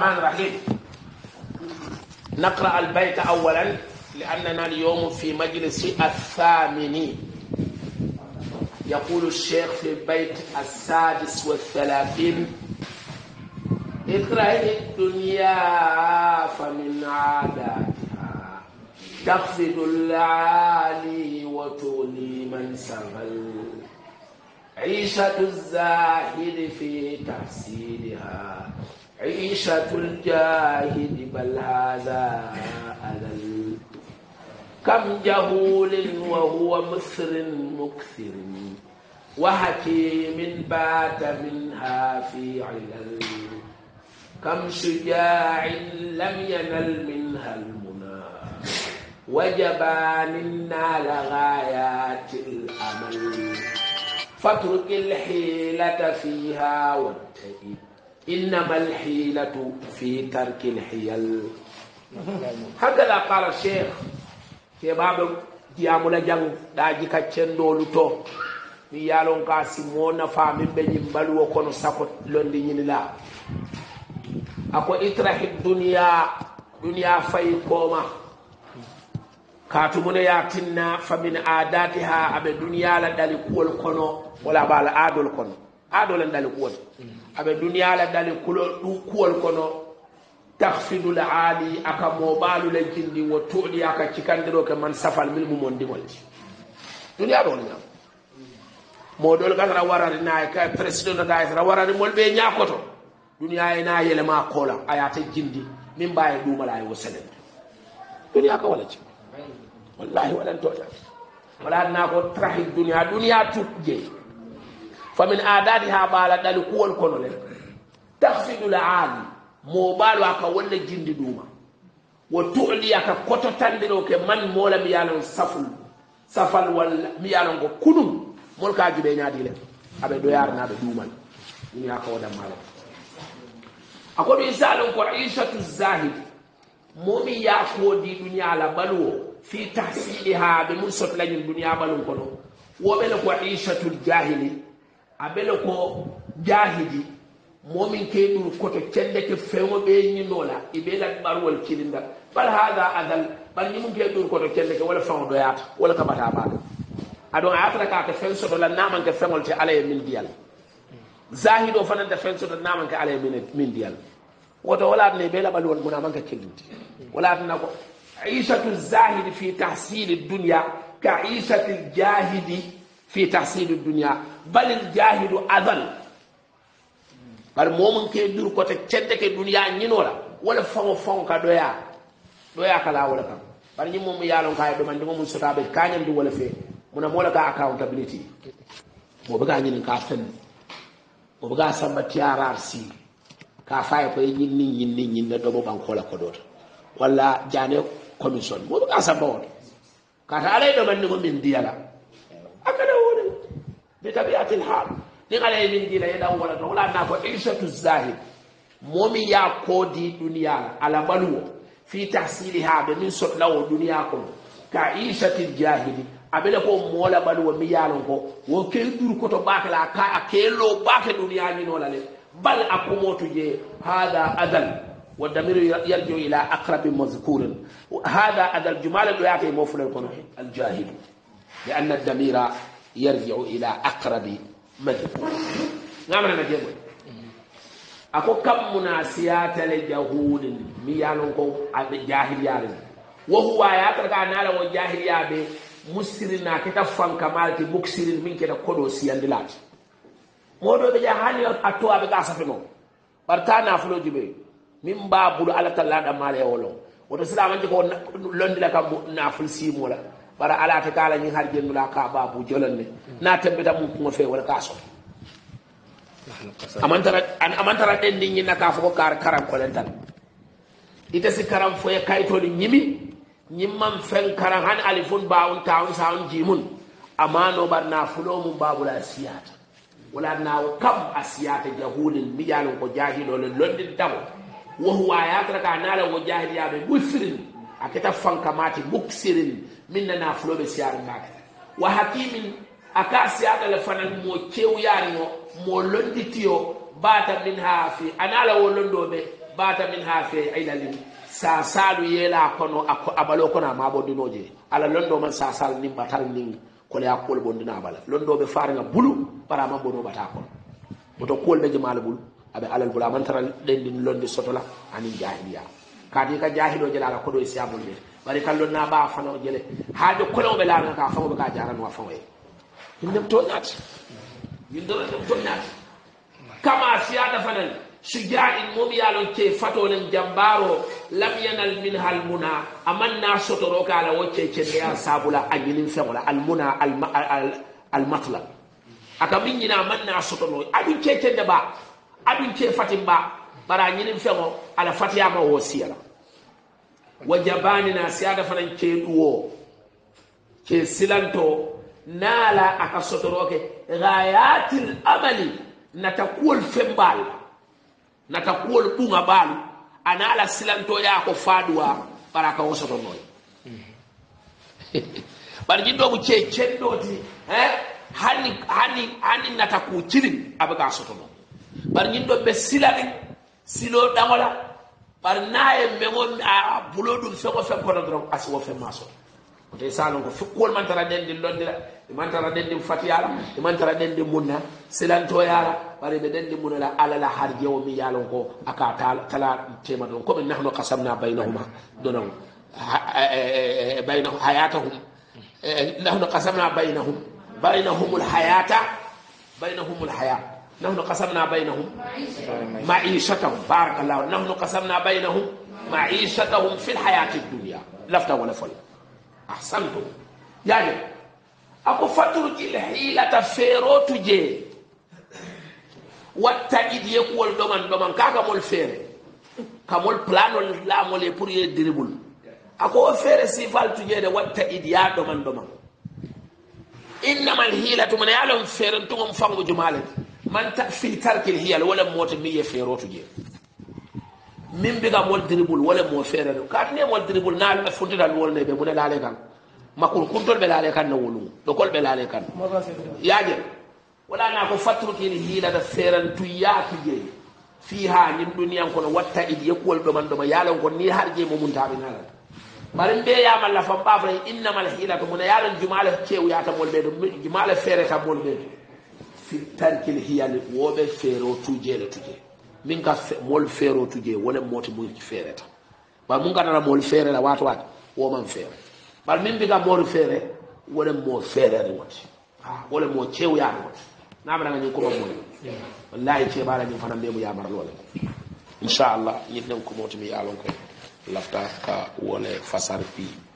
الرحمن الرحيم نقرأ البيت أولا لأننا اليوم في مجلس الثامن يقول الشيخ في البيت السادس والثلاثين اقرأ الدنيا فمن عاداتها تخفض العالي وتولي من سبل عيشة الزاهد في تحسينها عيشة الجاهد بل هذا أذل كم جهول وهو مصر مكثر وحكيم بات منها في علل كم شجاع لم ينل منها المنى وجبان نال غايات الأمل فاترك الحيلة فيها واتئب innama alhilatu fi tarki lhiyal ha gala kala cheikh keɓaɓe jiyamula jang ɗaji kaccenɗolu to min yalon ka simo nafa min ɓe ñim mbaluwo kono sako londi ñinila ako itrahi duniya duniya fayi kooma katumune ya tinna famin adatiha aɓe duniyala ɗali kuwol kono wala ɓala adol kono ado ko aɗole ndale kuwol aɓe duniyala ndale ko kono tahfidul aali aka mo balu moɓalule jindi wo toɗi aka cikandiro ke man safal min dunya do ni ɗo ñam moɗol ka tara warari na ka président no ɗay tara warari mol ɓe ñakoto duniya ena yelema koola ayata jindi min baye du mala ay wo senen dunya ka wala ci wallahi waɗan toƴa wala na ko trahi dunya dunya tuɓ je famin adadi ha ɓaala ɗali kuwol kono len tahfidul aali mo ɓaalo aka wolle jindi ɗuma wo tuliyaka koto tandiro ke man moola mi yalon saful safal walla mi yalon ko kunum molka juɓe ñaadi len aɓe ɗoyarnaɓe ɗuman ɗum yaka wodanmaala ako misalum ko isatu zahid momi yaafoodi duniya la balu o fi tahsiliha ɓe mum sotlañum duniya balum kono woɓele ko isatul jahili abele ko jahidi momin ke ɗur koto ceddeke fewo ɓe ñinola iɓela ɓarwol kirinda bal haga adal ɓar ñimum ke ɗur koto ceddeke wala fewo ɗoyata wala kaɓata maɗa aɗon ayatata kake fen sotola namanke fegol te alaye min diyal zahido fananta fen soto namanke alaye min diyal woto walatna ɓela ɓalwol gunamanke kilinti walatna ko isatu zahidi fi tahsili dunia ka isatu jahidi fi tahsili dunia bal iljahilu adal bar momon ke dur kote cedde ke dunia ñinola wala fango fango ka doya doya ka lawola kam bar ñim momu yalon kay e do man dimo mun sotabe kañam di wala fe muna mola ka accountability mo baga ñin ka fen mo baga samba tiarar si ka faaye koy e ñin ñin ñin ñin na do bo bang kola ko dot wala jane commission mo baga samba won ka ta alay e do man ni ko min diyala akana بطبيعة الحال نغلى من دينا يدا ولا ولا ناكو عيشة الزاهد مومي يا كودي دنيا على بلو في تحصيلها بمن سوت لو دنياكم كعيشة الجاهل abele ko mola balu wa miyalon ko wo kel dur ko to bakala ka akelo bake duniya ni nola le bal akumotu je hada adal يرجع إلى أقرب مذكور هذا هذا الجمال يعطي موفل الجاهل لأن الضمير yarjiu ila aqrabi madib gamrana jeego ako kammuna siyatale jahulin mi yalon ko aɓe jahilyare wo huwa yatarka nala wo jahilyaɓe mussirina keta fankamalti muksirin min keta koɗo siyandilati moɗoɓe ja hani a towaɓe ga safeno ɓarta nafuloji ɓe min mbabulu alatallaɗa male wolon woto silamanti ko londila kam nafulu simola bara alaate kaala ñin har jenndula ka baabu jolonne na tembita mum kuŋo fe wala ka soto amantara amantara ɗen ndi ñinna ka fo ko kar karan kolen tan ite si karan foye kaytoni ñimi ñimman fen karan han ali fun bawun tawun sawun jimun amma no bar na fulo mum babula siyata wala nawo kam a siyata jahulin mijalon ko jahilole londin tawo wohuwa yatara ka nala wo jahiliyaɓe musrin a keta fankamaati muksirin min nana fuloɓe siyarinaketa wa hakimin a ka siyaɗala fanan mo kewyanino mo londitiyo bata min ha fe anala wo londoɓe bata min ha fe aylalim sasalu yeela kono abalo kono ama bondinoje ala londoman sasal nin batal nin koleya kol bondina abala londoɓe faringa bulu parama bono bata kono oto kolɓe jemala bulu aɓe alal bulu amantara ɗendin londi sotola anin jahiliyama kadi ka jahilo jalala koɗo e siyabol mbiyete ɓari kallo naɓa fano jele haalde koleoɓe laaga ka fawoɓe ka jaranowa fawoye yimdem toñaate yimdeem toñaate kama siyata fanan sujaa in momiyalon ke fatolen jambaro lam yanal min ha almuna amanna sotoro ka ala wocce cenneya sabula a ñinin feola almuna almatla aka miñina amanna sotono aɗum ce cende ɓa aɗum ce fatin ɓa bara ñinim feŋo ala fatiyama wo siyala wajabani jabanina siada fanaŋ nche duwo che silanto nala a ka sotoro amali nata kuwol feŋ baalu nata kuwol silanto baalu ana ala ko faaduwa bara a ka wo sotonoye bari jin doomu kee kendoti eh, hani hani hani nata kuu cilin a be sotono bari ñin ɗo ɓe silani silo dangola par n'a me won a bulo dum fengo feŋ kono doroŋ a siwo feŋ maa soto te salo ko ko man tara den londi la e man tara den fatiyala e man tara den din munna silantoyala bari ɓe den din munala ala la harjewo mi yalon ko aka tala tema ko be nahnu kasamna baynahuma donon baynahum hayatahum nahnu kasamna baynahum بينهم الحياة بينهم الحياة نحن قسمنا بينهم معيشتهم بارك الله نحن قسمنا بينهم معيشتهم في الحياة الدنيا لفتا ولا فل أحسنتم يعني أكو فترج الحيلة فيرو تجي والتأييد يقول دومان دومان كاكا مول فيري كمول بلان لا مول يبوري يدربون أكو فيري سيفال تجي والتأييد يا دومان دومان إنما الحيلة من يعلم فيرن تغم فانو جمالك من في ترك الهيال ولا موت مية فيرو تجيه من بيجا مول دريبول ولا مو فيرو كان نيا مول دريبول نال فوتي دال مول نبي بونا دال كان ما كل كنتر بلا عليه كان نقوله نقول بلا عليه كان يا جل ولا نأكل فترة كيل هيلا دسيرن تويا تجيه فيها نيم الدنيا كون واتا ايدي يقول بمن دوما يالون كون ني هارجي مومن تابينا مارين بي ياما لا فام بافري انما الهيلا كون يالون جمال تشيو ياتا مول بيدو جمال فيري تا مول بيدو tarkil hiyal woɓe feero tujeele tuje min ka mol feero tuje wolen mooti ta feereta mun ka gadana mol fere la wat wat woman feere bar min mbiga mol feere wole mo feerere wat wolen mo cewyaade woti namanaga ñin ko mo wallahi ceɓaala ñin fana mbemo yamarlole inchallah yitnen ko motimi yaalon ko lafta ka wole fasar pi